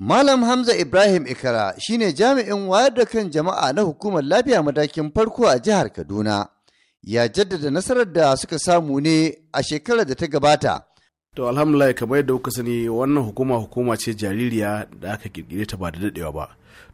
Malam Hamza Ibrahim Ikara ne jami'in wayar da kan jama'a na hukumar lafiya matakin farko a jihar Kaduna. Ya jaddada nasarar da suka samu ne a shekarar da ta gabata. To alhamdulillah kamar yadda kuka sani wannan hukuma hukuma ce jaririya da aka kirkire ta ba da dadewa ba.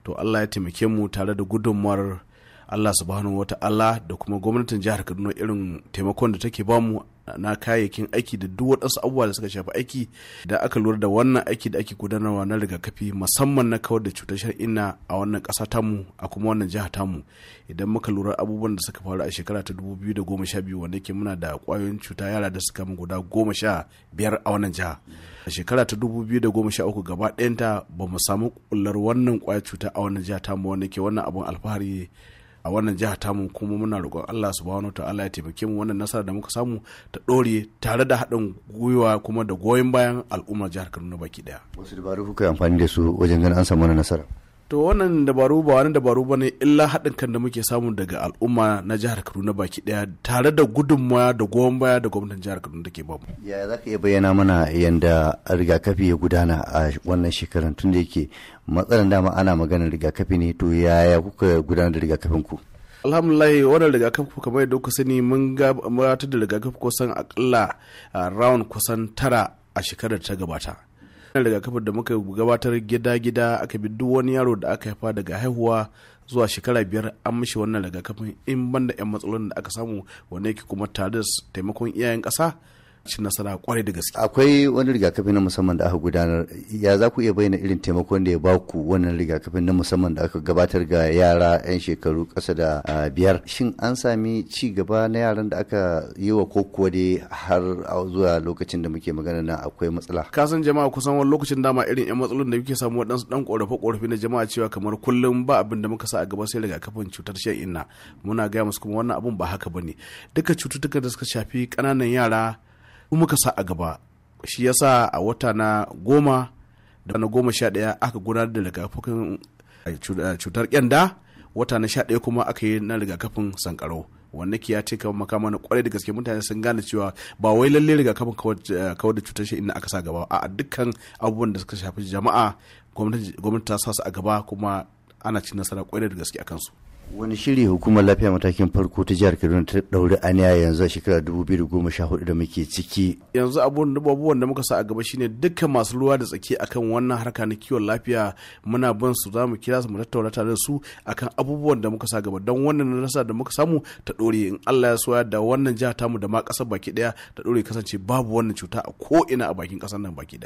To Allah ya taimake mu tare da gudunmuwar Allah subhanahu wa ta'ala da kuma gwamnatin jihar Kaduna irin taimakon da take bamu na kayayyakin aiki da duk waɗansu abubuwa da suka shafi aiki da aka lura da wannan aiki da ake gudanarwa na rigakafi musamman na kawar da cutar inna a wannan ƙasa tamu a kuma wannan jiha tamu idan muka lura abubuwan da suka faru a shekara ta 2012 wanda ke muna da ƙwayoyin cuta yara da suka mu guda goma sha biyar a wannan jiha a shekara ta 2013 gaba ɗayanta ba mu samu ƙullar wannan ƙwayar cuta a wannan jiha tamu wanda ke wannan abun alfahari a wannan jiha tamu kuma muna roƙon Allah subhanahu ta'ala ya taimake mu wannan nasara da muka samu ta ɗore tare da haɗin gwiwa kuma da goyon bayan al'ummar jihar Kaduna baki ɗaya. Wasu dabaru kuka yi amfani da su wajen ganin an samu wannan nasara. to wannan dabaru ba wani dabaru ba ne illa haɗin kan da muke samu daga al'umma na jihar kaduna baki ɗaya tare da gudunmawa da goyon baya da gwamnatin jihar kaduna take ba mu ya za ka iya bayyana mana yadda rigakafi ya gudana a wannan shekarar tun da yake matsalar dama ana maganar rigakafi ne to yaya kuka gudanar da rigakafin ku alhamdulahi wannan rigakafi kamar yadda kuka sani mun gabatar da rigakafi kusan akalla ah, round kusan tara a shekarar ta gabata kan rigakafin da muka gabatar gida-gida aka bi duk wani yaro da aka haifa daga haihuwa zuwa shekara biyar an mishi wannan rigakafin in banda 'yan matsalolin da aka samu wanda yake kuma tare da taimakon iyayen ƙasa ci nasara kwarai da gaske akwai wani rigakafi na musamman da aka gudanar ya za ku iya bayyana irin taimakon da ya ba ku wannan rigakafin na musamman da aka gabatar ga yara 'yan shekaru kasa da biyar shin an sami ci gaba na yaran da aka yi wa kokuwa dai har zuwa lokacin da muke magana na akwai matsala ka san jama'a kusan wani lokacin dama irin 'yan matsalolin da muke samu waɗansu ɗan ƙorafe ƙorafe na jama'a cewa kamar kullum ba abin da muka sa a gaba sai rigakafin cutar shan inna muna gaya musu kuma wannan abun ba haka ba ne duka cututtukan da suka shafi ƙananan yara muka sa a gaba shi yasa a wata na goma da na goma sha ɗaya aka gudanar da rigakafin cutar kyanda wata na sha ɗaya kuma aka yi na rigakafin sankarau wanda ke ya ce kamar makama na kwarai da gaske mutane sun gane cewa ba wai lalle rigakafin kawai da cutar shi inda aka sa gaba a dukkan abubuwan da suka shafi jama'a gwamnati ta sa su a gaba kuma ana cin nasara kwarai da gaske a kansu. wani shiri hukumar lafiya matakin farko ta jihar kaduna ta ɗauri aniya yanzu a shekara 2014 da hudu da muke ciki yanzu abubuwan da muka sa a gaba shine dukkan masu ruwa da tsaki akan wannan harka na kiwon lafiya muna bin su za mu kira su mu tattauna tare da su akan abubuwan da muka sa gaba don wannan nasa da muka samu ta ɗore in Allah ya soya da wannan jiha tamu da ma ƙasar baki ɗaya ta ɗore kasance babu wannan cuta a ko ina a bakin ƙasar nan baki ɗaya